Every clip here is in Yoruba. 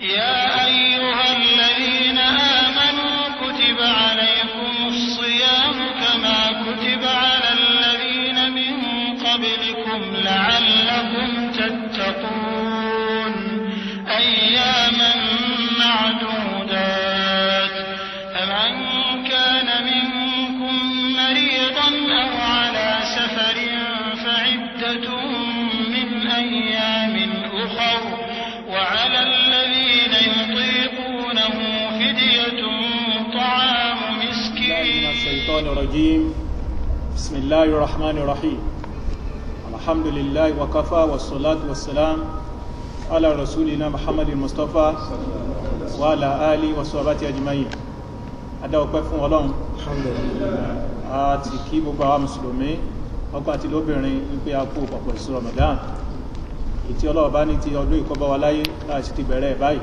Yeah. الله الرحمن الرحيم الحمد لله وكفى والصلاة والسلام على رسولنا محمد المصطفى وعلى آله وصحبه أجمعين adáwọ̀ pẹ́ fún ọlọ́run àti kí gbogbo àwọn mùsùlùmí ọkọ̀ àti lóbìnrin wípé a kú pọ̀pọ̀ sí Ramadan ìtí ọlọ́ọ̀bá ní ti ọdún ìkọ́bọ̀ wa láyé láti ti bẹ̀rẹ̀ báyìí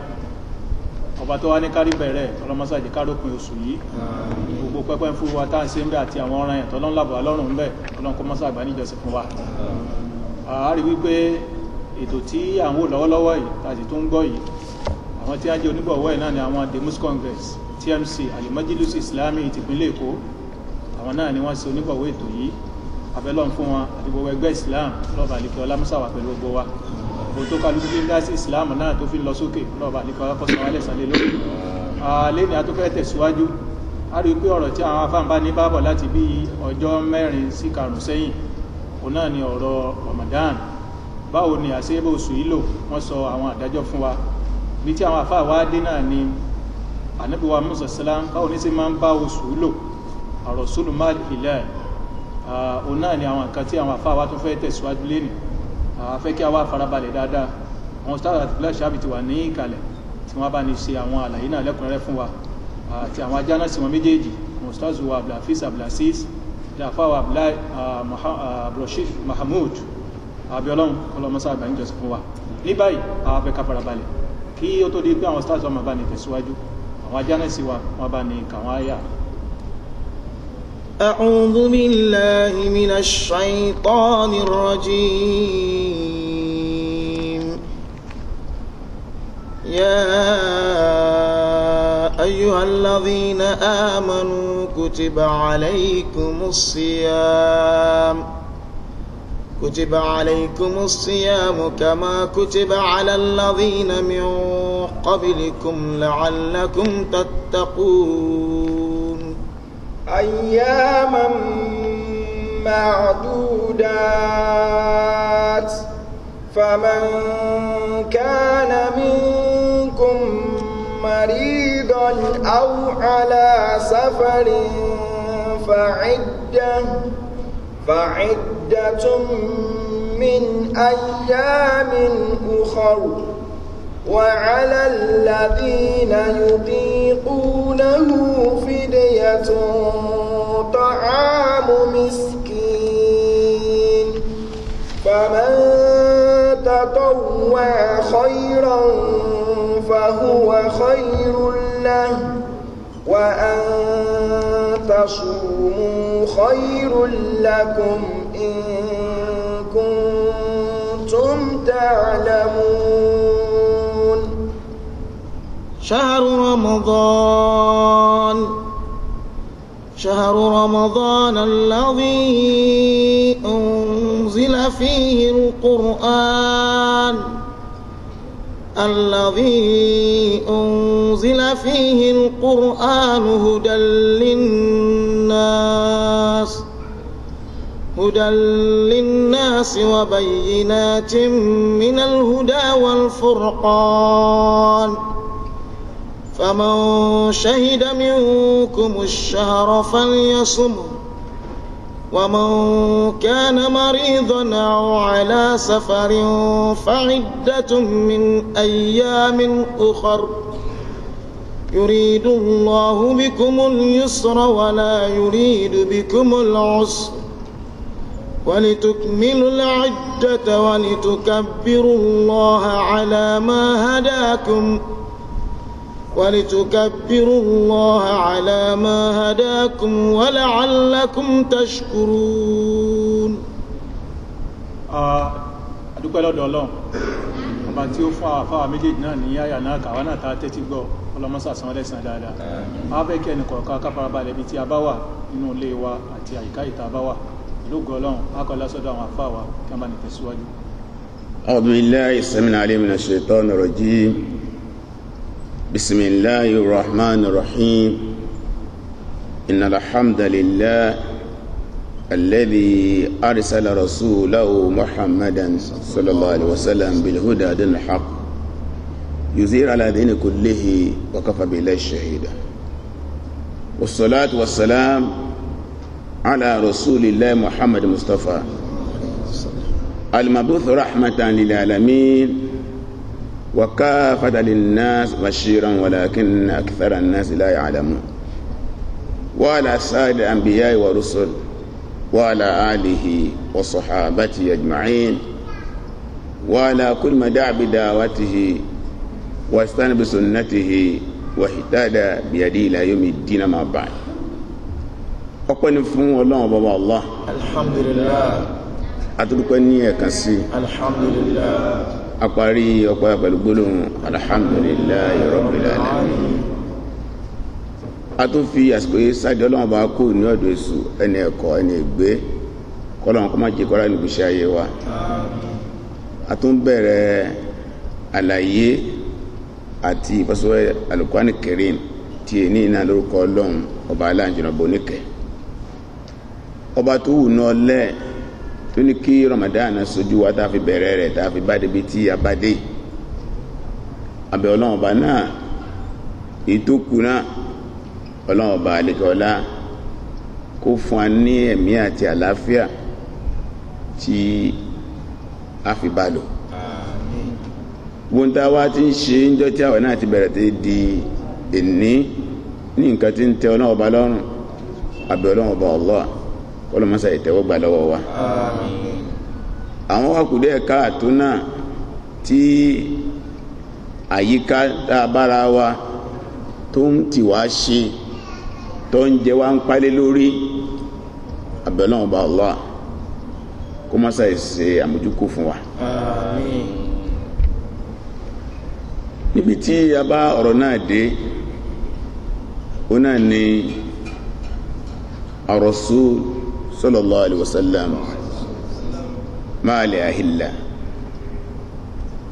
ọba tó wá ní kárí bẹ̀rẹ̀ ọlọ́mọsáàjì kárópin oṣù yìí gbogbo pẹ́pẹ́ fún wa tá à ń ṣe ń bẹ̀ àti àwọn ọ̀ràn ẹ̀tọ́ lọ́nlàbọ̀ alọ́run bẹ̀ ọlọ́nkọ́ mọ́sàgbà níjọsìn fún wa a rí wípé ètò tí à ń wò lọ́wọ́lọ́wọ́ yìí tàbí tó ń gbọ́ yìí àwọn tí a jẹ́ onígbọ̀wọ́ yìí náà ni àwọn demus congress tmc alimajilus islami ìtìpínlẹ̀ èkó àwọn náà ni wọ́n ṣe onígbọ̀wọ́ ètò yìí abẹ́lọ́n fún wọn àti gbogbo ẹgbẹ́ islam lọ́ba àlekẹ́ ọlámúsàwà pẹ̀lú gbogbo wa ààbò tó kálukú fi ń dá sí ìsìláàmù náà tó fi ń lọ sókè lọ́ọ̀bà ní kọ́ra kọ́sọ́ wálẹ̀ sàlẹ̀ lórí ààlẹ́ ni a tó fẹ́ tẹ̀síwájú a rí pé ọ̀rọ̀ tí àwọn afáǹbá ní bábọ̀ láti bí ọjọ́ mẹ́rin sí karùn sẹ́yìn òun náà ni ọ̀rọ̀ Ramadan báwo ni àṣẹ́bẹ̀ oṣù yìí lò wọ́n sọ àwọn àdájọ́ fún wa bí tí àwọn afá wa dé náà ni ànábìwá musa salam báwo ní sí máa ń bá oṣù yìí lò àròsùlùmáàlì ilẹ̀ òun náà ni àwọn nǹkan tí àwọn afá wa tún fẹ́ tẹ̀síwájú lénìí a fẹ́ kí a wá farabalẹ̀ dáadáa àwọn ustaz àtìlẹ́ ṣáàbì ti wà ní ìkàlẹ̀ tí wọ́n bá ní ṣe àwọn àlàyé náà lẹ́kùnrẹ́rẹ́ fún wa àti àwọn ajáná sí wọn méjèèjì àwọn ustaz wa abdulhafiz abdulaziz àfáwà abdulrasheed mahmood abiolahun ọlọmọsá àgbà ń jọsìn fún wa ní báyìí àwọn afẹ́ ká farabalẹ̀ kí ó tó di pé àwọn ustaz wa máa bá ní tẹ̀síwájú àwọn ajáná sí wa wọ́n bá ní kàwọn àyà أعوذ بالله من الشيطان الرجيم يا أيها الذين آمنوا كتب عليكم الصيام كتب عليكم الصيام كما كتب على الذين من قبلكم لعلكم تتقون أياما معدودات فمن كان منكم مريضا أو على سفر فعدة فعدة من أيام أخر وعلى الذين يطيقونه فدية طعام مسكين فمن تطوع خيرا فهو خير له وأن تصوموا خير لكم إن كنتم تعلمون شهر رمضان شهر رمضان الذي أنزل فيه القرآن الذي أنزل فيه القرآن هدى للناس هدى للناس وبينات من الهدى والفرقان فمن شهد منكم الشهر فليصم ومن كان مريضا أو على سفر فعدة من أيام أخر يريد الله بكم اليسر ولا يريد بكم العسر ولتكملوا العدة ولتكبروا الله على ما هداكم ۖ ولتكبروا الله على ما هداكم ولعلكم تشكرون adúpẹ́ lọ́dọ̀ ọlọ́run ọba tí ó fún àfáà méjèèjì náà ní àyà náà kàwá náà ta tẹ́tí gbọ́ ọlọ́mọ́sà san lẹ́sàn dáadáa a fẹ́ kí ẹnìkọ̀ọ̀kan káfarabalẹ̀ ibi tí a bá wà nínú ilé wa àti àyíká ìta bá wà ìlú gọlọ́run akọ̀lá sọ́dọ̀ àwọn àfáà wa kí wọ́n bá ní tẹ̀síwájú. أعوذ بالله السميع العليم من الشيطان الرجيم بسم الله الرحمن الرحيم إن الحمد لله الذي أرسل رسوله محمدا صلى الله عليه وسلم بالهدى دين الحق يزير على دين كله وكفى بالله شهيدا والصلاة والسلام على رسول الله محمد مصطفى المبعوث رحمة للعالمين وكافد للناس بشيرا ولكن أكثر الناس لا يعلمون وعلى سائر الأنبياء والرسل وعلى آله وصحابته أجمعين وعلى كل من دعا بدعوته واستنى بسنته واهتدى بيده إلى يوم الدين ما بعد ọpẹ́ ni fún ọlọ́run bàbá allah alhamdulillah adúpẹ́ ní ẹ̀kan sí alhamdulillah apari ọpẹ́ pẹ̀lú gbólóhùn alhamdulillahi rabbil alamin a tún fi àsìkò yìí sáàdì ọlọ́run bá kú ní ọ̀dọ̀ èṣù ẹni ẹ̀kọ́ ẹni ègbé kọ́lọ́run kọ́ má jẹ́ kọ́ra níbi iṣẹ́ ayé wa a tún bẹ̀rẹ̀ àlàyé àti ìfọ́sọ́wẹ́ alukwani kerim tí èyí iná lórúkọ ọlọ́run ọba aláǹjẹ̀nàbọ̀ oníkẹ́ ọba tó wù náà lẹ́ẹ̀ tó kí Ramadan sojú wa tá a fi bẹ̀rẹ̀ rẹ̀ tá a fi bá débi tí a bá dé abẹ́ ọlọ́run ọba náà ìtókù náà ọlọ́run ọba àlekọ́lá kó fún wa ní ẹ̀mí àti àlàáfíà tí a fi bá lò gbóńtà wa ti ń ṣe ń tí àwọn náà ti bẹ̀rẹ̀ tẹ́ di ẹ̀ní ní nǹkan tí ń tẹ ọlọ́run lọ́rùn abẹ́ ọlọ́run ọba kọlọmọsà ìtẹ́wọ́gbà lọ́wọ́ wa àwọn wákùdẹ́ káàtó náà tí àyíká dábára wa tó ń tì wá ṣe tó ń jẹ wá ń pálé lórí abẹ́lọ́wọ́n bá Allah kó mọ́sá ìṣe àmójúkò fún wa. Àmín. níbi tí a bá ọ̀rọ̀ náà dé ó náà ni ar-rasul sallallahu alaihi wasallam maale ahila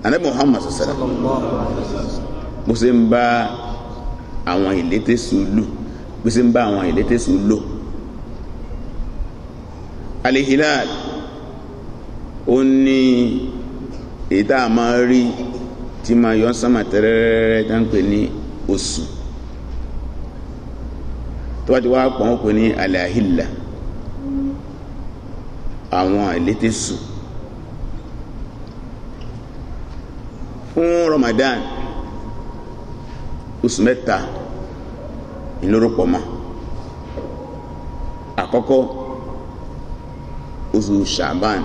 anabi muhammad sallam bó ṣe ń bá àwọn ìlété sùúlù bó ṣe ń bá àwọn ìlété sùúlù alihilal ó ní èyí tá a máa rí tí máa yọ sánmà tẹ́rẹ́rẹ́rẹ́ tá ń pè ní oṣù tó bá ti wá pọ̀ ń pè ní alahila àwọn àìlétésù fún Ramadan oṣù mẹ́ta ìlórópọ̀ mọ́ àkọ́kọ́ oṣù Shaban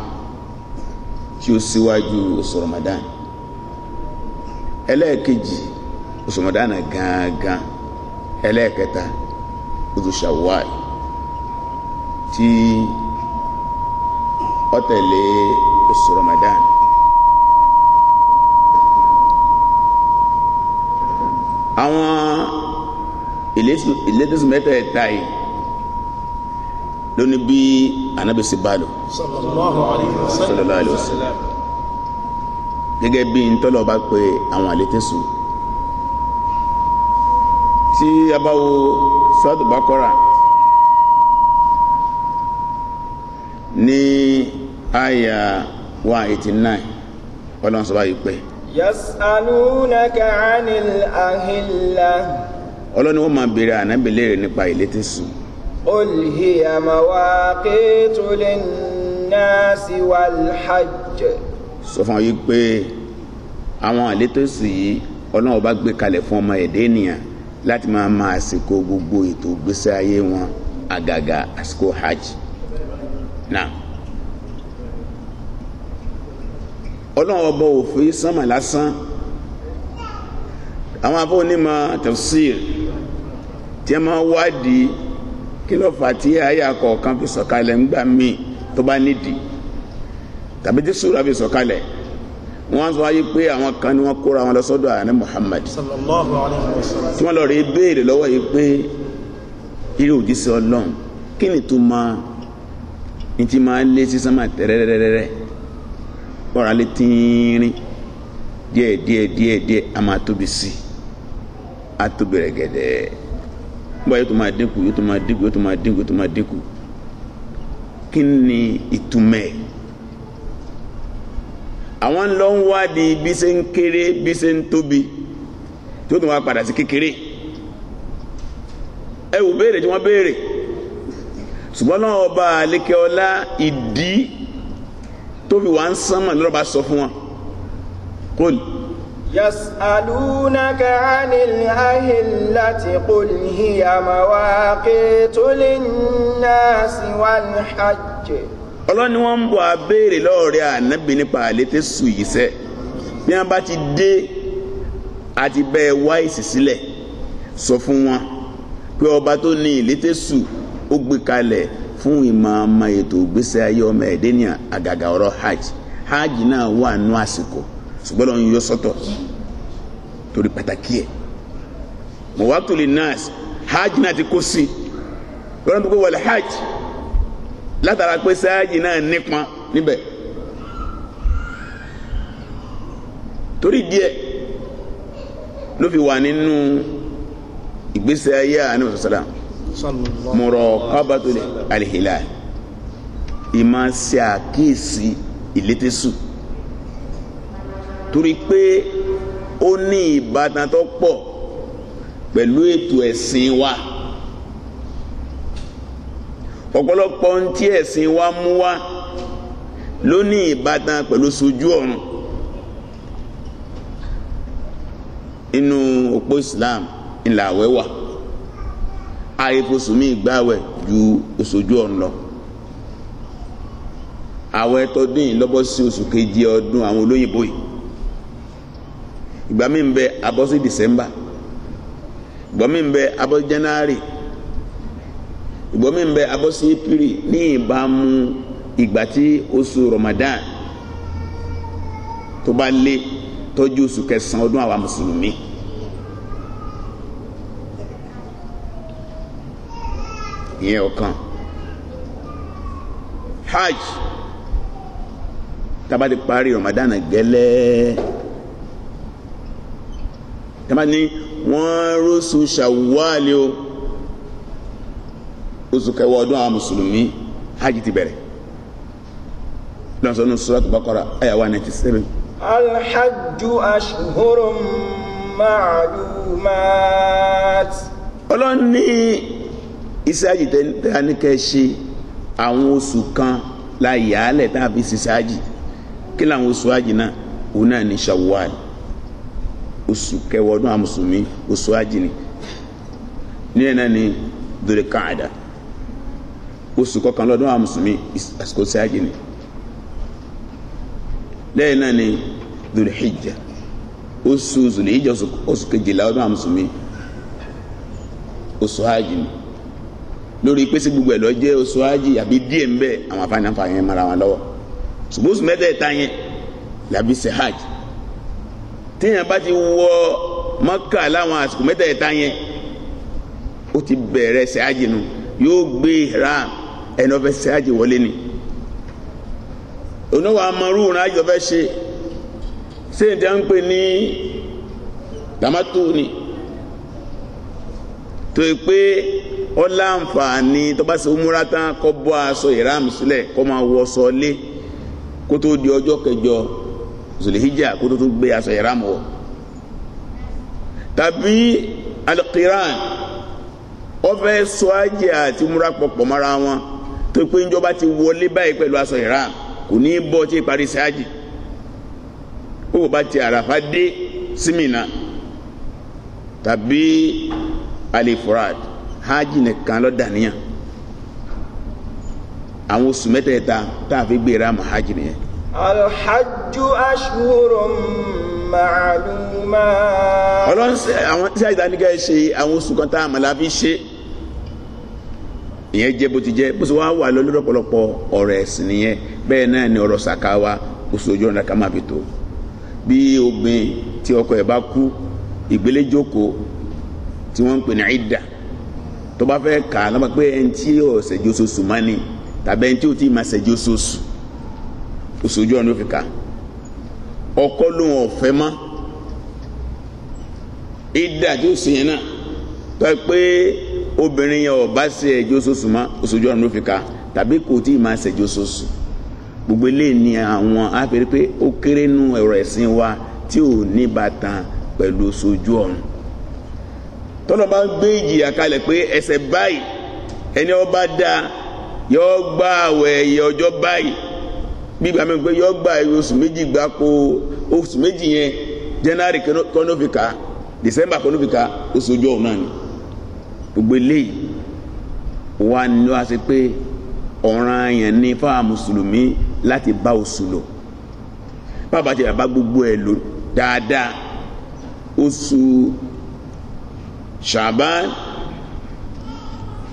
tí ó síwájú oṣù Ramadan ẹlẹ́ẹ̀kejì oṣù Ramadan gangan ẹlẹ́ẹ̀kẹta oṣù Shawwal tí ọtẹ̀lé oṣù Ramadan àwọn ìlétòsí mẹ́tẹ̀ẹ̀ta yìí lónìí bí Ànábì ṣe bá lò sallallahu alaihi wasallam bí ntọ́lọ̀ bá pe àwọn àlétòsí tí a bá wo Suratul Baqara. àyà one eighty nine ọlọ́run sọ báyìí pé. yasalunaka anil ahilla. ọlọ́run wọ́n máa béèrè ànábì léèrè nípa ilé tí sùn. qul hiya mawaqitu linnasi wal hajj. sọ fún ọ pé àwọn àlétò sì yìí ọlọ́run bá gbé kalẹ̀ fún ọmọ ẹ̀dẹ́ ènìyàn láti máa máa àsìkò gbogbo ètò ìgbésí ayé wọn àgàgà àsìkò hajj náà. ọlọ́run ọba òfin sánmà lásán àwọn afọ onímọ̀ tafsir tí a máa wádìí kí ló fà tí àyà kọ̀ọ̀kan fi sọ̀kalẹ̀ ńgbà míì tó bá nídìí tàbí tí sùúrà fi sọ̀kalẹ̀ wọ́n sọ wáyé pé àwọn kan ni wọ́n kóra wọn lọ sọ́dọ̀ àná Muhammad sallallahu alaihi wasallam tí wọ́n lọ rí béèrè lọ́wọ́ yìí pé irú òjíṣẹ́ ọlọ́run kí ni tó máa ní ti máa lé sí sánmà tẹ́rẹ́rẹ́rẹ́rẹ́ ọ̀rá lé tínrín diẹ diẹ diẹ a ma tóbi sí a tóbi rẹ̀ gẹ̀dẹ̀ nígbà yóò tó ma dínkù yóò tó dínkù yóò tó ma dínkù yóò tó máa dínkù kí ni ìtumẹ̀ àwọn ń lọ ń bí ń bí tóbi wà ń sánmà lọ́rọ̀ bá sọ fún wọn kol. yasalunaka anil ahillati qul hiya mawaqitu linnasi wal hajj. ọlọ́ni wọ́n ń bọ̀ abéèrè lọ́ọ̀rẹ́ ànábì nípa àlété sùn yìí bí wọ́n bá ti dé àti bẹ́ẹ̀ wá ìsísílẹ̀ sọ fún wọn pé ọba tó ní ìlété sùn ó gbé kalẹ̀ fún ìmọ̀ ọmọ ètò ìgbésẹ̀ ayé ọmọ ẹ̀dẹ́ ní àgàgà ọ̀rọ̀ hajj hajj náà wà nù àsìkò ṣùgbọ́n lọ́n yọ sọ́tọ̀ torí pàtàkì ẹ̀ mọ̀wátòlì nas hajj náà ti kó sí lọ́nà tó kó wọlé hajj látara pé sáájì náà nípọn níbẹ̀ torí díẹ̀ ló fi wà nínú ìgbésẹ̀ ayé àná sọ̀sọ̀lá muraqabatu al-hilal ìmọ̀ ṣe àkíyèsí ìlétésù torí pé ó ní ìbátan tó pọ̀ pẹ̀lú ètò ẹ̀sìn wa ọ̀pọ̀lọpọ̀ ohun tí ẹ̀sìn wa mú wá ló ní ìbátan pẹ̀lú sojú ọ̀run inú òpó Islam ńlá àwẹ̀ àìkóso mi gbàwẹ̀ ju oṣooju ọ̀run lọ àwọn ẹtọdún yìí lọ́bọ́ sí oṣù keje ọdún àwọn olóyìnbó yìí ìgbà mi ń bẹ abọ́sí dìsẹ́mbà ìgbà mi ń bẹ abọ́sí jánárì ìgbà mi ń bẹ abọ́sí pírì ní ìbámu ìgbà tí oṣù Ramadan tó bá lé tọ́jú oṣù kẹsàn-án ọdún àwa mùsùlùmí. ìyẹn ọ̀kan hajj tá a bá ti parí Ramadan gẹ́lẹ́ tá a bá ní wọ́n rọ́ṣù ṣàwálẹ̀ o oṣù kẹwàá ọdún àwọn mùsùlùmí hajj ti bẹ̀rẹ̀ lọ́sọ̀nù suratul Baqara àyà wà ninety seven. alhajju ashhurum ma'lumat. ọlọ́ni ìsájì tẹ́lifíà ní kẹ́ ṣe àwọn oṣù kan la yàálẹ̀ tá a fi ṣe sájì kí làwọn oṣù àjì náà òun náà ní Shawwal oṣù kẹwàá ọdún àwọn oṣù àjì ni nílẹ̀ náà ní dòrè káàdà oṣù kọkànlá ọdún àwọn àsìkò sájì ni lẹ́yìn náà ní dòrè hijja oṣù zòlè hijja oṣù kejìlá ọdún àwọn oṣù àjì ni. lórí pèsè gbogbo ẹ̀ lọ jẹ́ oṣù ajé àbí díẹ̀ ń àwọn afáànífà yẹn mara wọn lọ́wọ́ ṣùgbọ́n yẹn làbí téèyàn bá ti wọ mọ́kà láwọn àsìkò yẹn ó ti bẹ̀rẹ̀ ṣe nu yóò gbé ram ẹni ọ̀fẹ́ wọlé ni ṣe ń ni tó yẹ ó láǹfààní tó bá ṣe múra tán kó bọ́ aṣọ ìram sílẹ̀ kó máa wọ aṣọ lé kó tó di ọjọ́ kẹjọ zulhijja kó tó tún gbé aṣọ ìram wọ̀ tàbí alikiran ó fẹ́ sọ àjẹ àti múra pọ̀pọ̀ mọ́ra wọn tó pé njọba ti wọlé báyìí pẹ̀lú aṣọ ìram kò ní í bọ́ tí ì parí ṣáájì ó wò bá ti àràfá dé símìnà tàbí alifurad hajj nìkan ló dàníyàn àwọn oṣù mẹ́tẹ̀ẹ̀ta tá a fi gbéra mọ́ hajj nìyẹn. alhajju ashhurun ma'luma. ọlọ́run ṣe àwọn tí àìsàn nígbà ṣe àwọn oṣù kan tá a mọ̀ la fi ṣe ìyẹn jẹ́ bó ti jẹ́ bó ti wá wà lọ lórí ọ̀rọ̀ ẹ̀sìn nìyẹn bẹ́ẹ̀ náà ni ọ̀rọ̀ sàkà wa oṣù ojú ọ̀nà ká má fi tó bí obìnrin tí ọkọ ẹ̀ bá kú ìgbélé jókòó tí wọ́n ń pè ní ìdá tó bá fẹ́ kà á lọ́mọ pé ẹni tí ò ṣèjọ́ oṣooṣù má ni tàbí ẹni tí ò tí ì máa ṣèjọ́ oṣooṣù oṣù ojú ọ̀nà ó fi kà ọkọ lòun ọ̀fẹ́ mọ́ ìdá tó sì yẹn náà tó yẹ pé obìnrin yẹn ò bá ṣe ẹjọ́ oṣooṣù mọ́ oṣù ọ̀nà ó kà tàbí kò tí ì máa ṣèjọ́ oṣooṣù gbogbo eléyìí ni àwọn àfẹ́rí pé ó kéré nú ẹ̀rọ ẹ̀sìn wa tí ò ní bàtàn pẹ̀lú oṣù ojú tọ́lọ́ bá ń gbé ìjìyà kalẹ̀ pé ẹsẹ̀ báyìí ẹni ọba da yọ gbà àwẹ̀ ẹ̀yẹ ọjọ́ báyìí bí gbàmí pé yọ gbà oṣù méjì gbáko oṣù méjì yẹn January kọ́nọ́fìkà December kọ́nọ́fìkà oṣù ọjọ́ òun náà ni gbogbo eléyìí wà ní wá sí pé ọ̀ràn àyàn ní fáwọn mùsùlùmí láti bá oṣù lò bàbá a bá gbogbo ẹ̀ lò dáadáa oṣù ṣàbán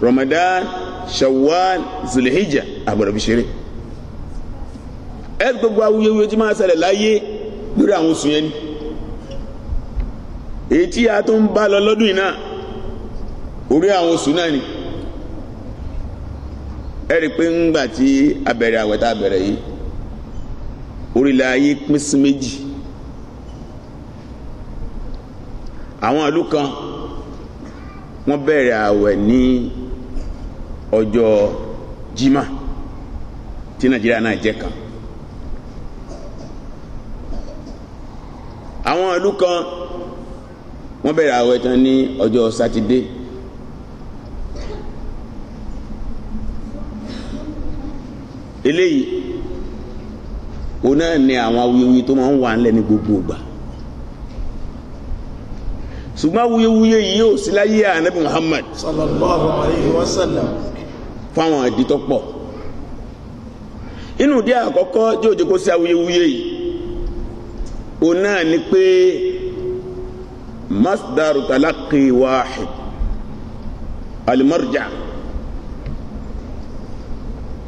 ramadan shawwal zulhijja àgbọ̀dọ̀ fi ṣeré ẹ gbogbo awuyewuye tí máa ṣẹlẹ̀ láyé lórí àwọn oṣù yẹn ni èyí tí a tó ń bá lọ lọ́dún yìí náà orí àwọn oṣù náà ni ẹ rí i pé ńgbà tí a bẹ̀rẹ̀ àwẹ̀ yìí orílẹ̀ ayé pín sí méjì àwọn ìlú kan wọ́n bẹ̀rẹ̀ àwẹ̀ ní ọjọ́ jimá tí nàìjíríà náà jẹ́ kan àwọn ìlú kan wọ́n bẹ̀rẹ̀ àwẹ̀ tán ní ọjọ́ sátidé eléyìí òun náà ni àwọn awuyewuye tó máa ń wà ńlẹ̀ ní gbogbo ìgbà ṣùgbọ́n awuyewuye yìí yóò sí láyé ànábì Muhammad sallallahu alayhi wa sallam fáwọn àdìtọ́ pọ̀ inú ìdí àkọ́kọ́ tí òjò kó sí awuyewuye yìí òun náà ni pé masdaru talaqi wahid alimarja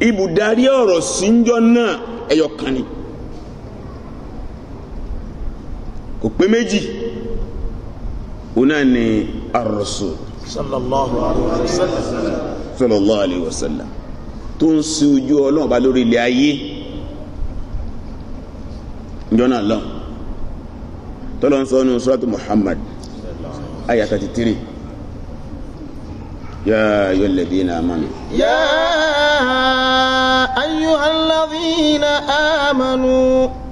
ibùdarí ọ̀rọ̀ síjọ́ náà ẹyọ ni kò pé méjì òun náà ni ar-rasul sallallahu alayhi wa sallam sallallahu alayhi wa sallam tó ń ṣe ojú ọlọ́ọ̀ba lórí ilẹ̀ ayé jọ́nà lọ tọ́lọ́ ń sọ ní suratu Muhammad aya 33 ya ayyuhal ladhina amanu ya ayyuhal ladhina amanu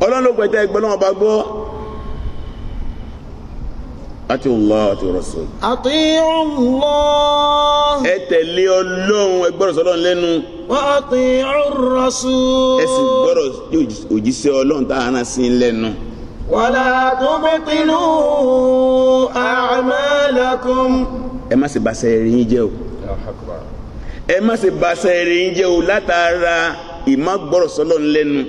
ọlọ́run ló pẹ̀tẹ́ ẹgbẹ́ lọ́wọ́ bá àti Allah àti Rasul. àti Allah. ẹ tẹ̀lé ọlọ́run ẹ gbọ́dọ̀ sọ́dọ̀ lẹ́nu. wà á ti Rasul. ẹ sì gbọ́dọ̀ òjíṣẹ́ ọlọ́run tá a rán sí lẹ́nu. wàlá tubtilu a'malakum. ẹ má ṣe bàṣẹ ẹ̀rín jẹ́ o. ẹ má ṣe bàṣẹ ẹ̀rín jẹ́ o látara ìmọ̀ gbọ́dọ̀ lẹ́nu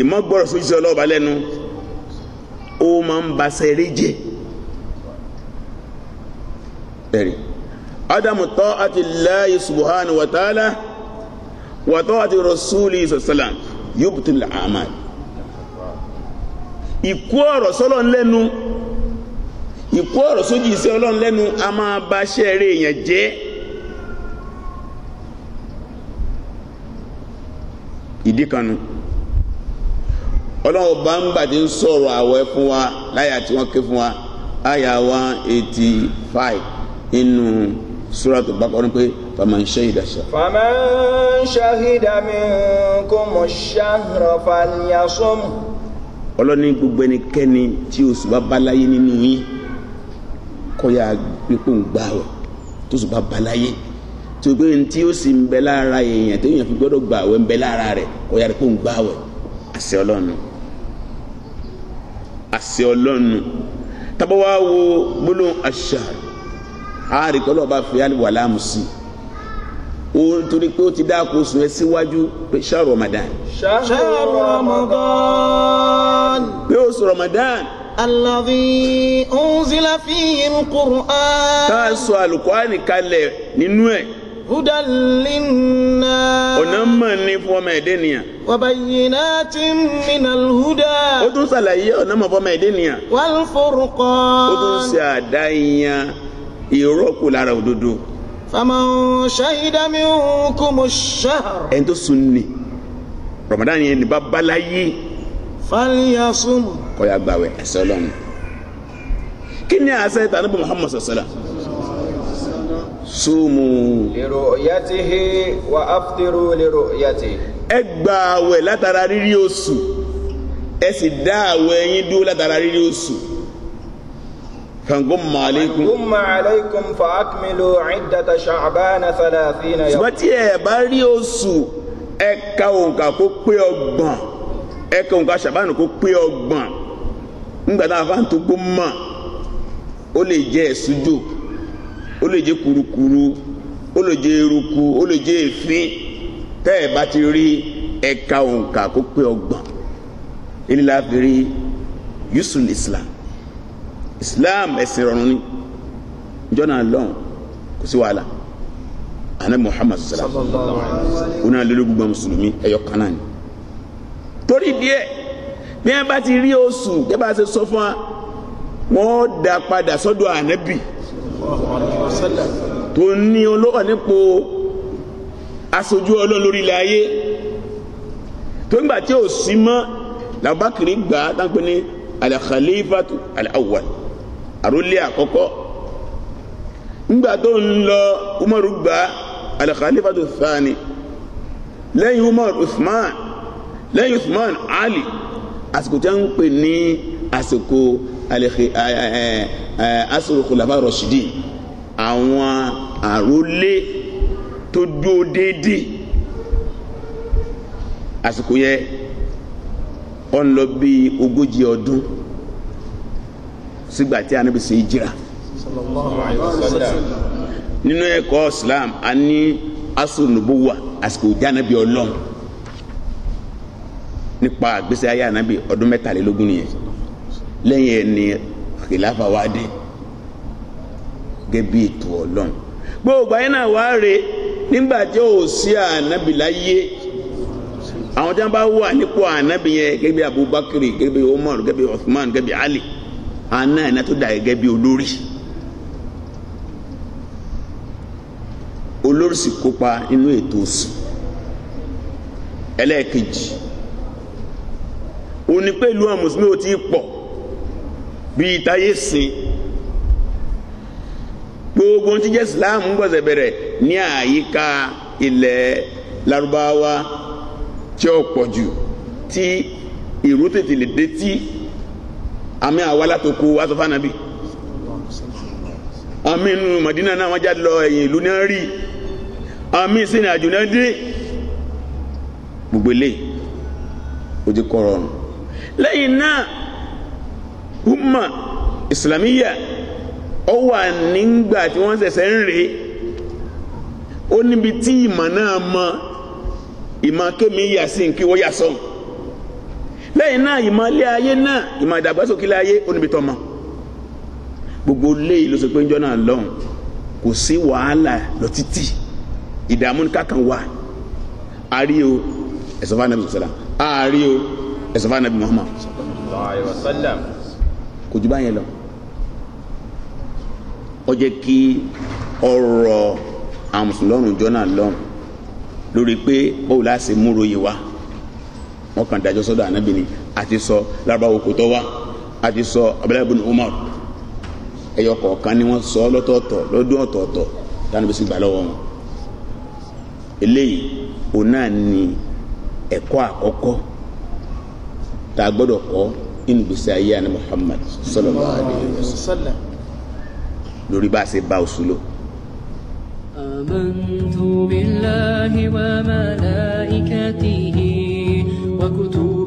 ìmọ̀ gbọ́dọ̀ ọlọ́ọ̀bá lẹ́nu ó máa ń bàṣẹ ẹ̀rín jẹ́ o ẹ̀rí adamu ta'ati Allahi subhanahu wa ta'ala wa ta'ati rasulihi sallam yubtil a'mal ìkú ọ̀rọ̀ lẹ́nu ọ̀rọ̀ iṣẹ́ lẹ́nu a máa bá ṣẹ́ẹ̀rẹ́ èèyàn jẹ́ ìdí kanu ọlọ́run bá ń gbàdé fún wa láyà tí wọ́n ké fún wa àyà 185. Inu suratu Baqara pé faman shahida ṣá. faman shahida minkumu shahra falyasum. ọlọ́ni gbogbo ẹnikẹ́ni tí oṣù bá balaye nínú yín kọ́ya pípò ń gbà wọ̀ tó oṣù balaye tó gbé ní tí ó sì ń bẹ lára èèyàn tó èèyàn fi gbọ́dọ̀ gbà wẹ̀ ń bẹ lára rẹ̀ kọ́ya pípò ń gbà wẹ̀ àṣẹ ọlọ́run àṣẹ ọlọ́run tábọ̀ wo gbólóhùn àṣà àárí pẹ̀lú ọba fi alibu alamu sí o torí pé o ti dá kó sùn ẹ síwájú pé ṣáà Ramadan. ṣáà Ramadan. pé o sùn Ramadan. Alladhi unzila fihi al-Qur'an. Ká sọ àlùkùránì kalẹ̀ nínú ẹ̀. Hudan linnas. Ọ̀nà mọ̀ ní fún ọmọ ẹ̀dẹ́ nìyàn. Wa bayyinatin minal huda. Ó tún ṣàlàyé ọ̀nà mọ̀ fún ọmọ ẹ̀dẹ́ nìyàn. Wal furqan. Ó tún ṣe àdáyàn ìró kù lára òdodo. faman shahida minkumu shahr. ẹni tó sun ni Ramadan yẹn ní babalaye. falyasum. kọ́ya gbàwẹ̀ ẹ̀sẹ̀ ọlọ́run. kí ni àṣẹ ìtàn níbo Muhammad sọ̀sọ̀lá sumu. liruyatihi wa aftiru liruyatihi. ẹ gbààwẹ̀ látara rírí oṣù ẹ sì dá àwẹ̀ yín dúró látara rírí oṣù. kan gumma aleikum. gumma fa akmilu ciddata shacbana salasina yawma. ṣùgbọ́n tí ẹ bá rí oṣù ka òǹkà kó pé ọgbọ̀n o ka òǹkà ṣàbánù kó pé ọgbọ̀n ńgbà fa tó gumma ó eruku ti ka òǹkà kó pé ọgbọ̀n ilé la yusul islam islam ẹ̀sìn rọrùn ni jọ́nà lọ́hùn kò sí wàhálà ana muhammad sallallahu alaihi wa sallam ona lolo gbogbo mùsùlùmí ẹyọ kan náà ni torí díẹ̀ bí wọn bá ti rí oṣù bí wọn bá ti sọ fún wa wọn dá padà sọ́dọ̀ ànábì tó ní olówó nípò aṣojú Ọlọ́run lórí ilẹ̀ ayé tó ń gbà tí ò sí mọ́ làbákiri gbà á tán pé ní al-khalifatu al àrólé àkọ́kọ́ ńgbà tó ń lọ umaru gba alikalifatu sani lẹ́yìn umar usman lẹ́yìn usman ali àsìkò tí a ń pè ní àsìkò àsìkò khulafa rashidi àwọn àrólé tó dúró déédéé àsìkò yẹ ọ̀n lọ bí ogójì ọdún sígbà tí anabi ṣe hijira nínú ẹ̀kọ́ islam a ní asòrùnbówà àsìkò ìjà anabi ọlọ́run nípa àgbésí ayé anabi ọdún mẹ́tàlélógún nìyẹn lẹ́yìn ẹ̀ ní àkìláfà wa dé gẹ́bí ètò ọlọ́run gbogbo ayé náà wá rè nígbà tí ò sí ànábì láyé àwọn tí wọn bá wà nípò ànábì yẹn gẹ́gẹ́ abubakar gẹ́gẹ́ umar gẹ́gẹ́ bí uthman ali àná iná tó dà gẹ́gẹ́ bí olórí olórí sì kópa nínú ètò sùn ẹlẹ́ẹ̀kejì òun ni àwọn mùsùlùmí ò ti pọ̀ bíi táyé sìn gbogbo tí jẹ́ islam ń gbọ́dọ̀ bẹ̀rẹ̀ ní àyíká ilẹ̀ Lárúbáwá tí ó pọ̀ jù tí ìró tètè lè dé tí àmì àwa látòkò asọ́fà nàbí àmì inú Madina náà wọ́n jáde lọ ẹ̀yìn ìlú náà rí àmì ìsìn àjò náà dé gbogbo eléyìí ó ti kọ́ rọrùn náà umma islamiyya ó wà nígbà tí wọ́n ṣẹ̀ṣẹ̀ ń rèé ó níbi tí ìmọ̀ náà mọ ìmọ̀ kémi yà sí nkí wọ́n yà sọ́hùn lẹ́yìn náà ìmọ̀lẹ́ ayé náà ìmọ̀ ìdàgbàsókè láyé oníbitọ́ mọ́ gbogbo léyìí ló sọ pé njọ́ náà lọ́hùn kò sí wàhálà lọ títì ìdààmú kankan wà àárí o ẹ̀sọ́ fún anabi sọ̀sọ́lá àárí o ẹ̀sọ́ fún anabi muhammad kò jù báyẹn lọ ó jẹ́ kí ọ̀rọ̀ àwọn mùsùlùmí jọ náà lọ́hùn lórí pé báwo la múròyìn wa wọn kàn dájọ́ sọ́dọ̀ ànábì ni àti sọ lárúbáwò kò wa àti sọ abdullahi ibn umar ẹyọ kọ̀ọ̀kan ni wọ́n sọ lọ́tọ̀ọ̀tọ̀ lọ́dún ọ̀tọ̀ọ̀tọ̀ tánàbí sì gbà lọ́wọ́ wọn eléyìí òun náà ni ẹ̀kọ́ àkọ́kọ́ tá a gbọ́dọ̀ kọ́ nínú ìgbésí ayé àná muhammad sallallahu alayhi wa sallam lórí bá a ṣe bá oṣù lò. آمنت بالله وملائكته 和孤独。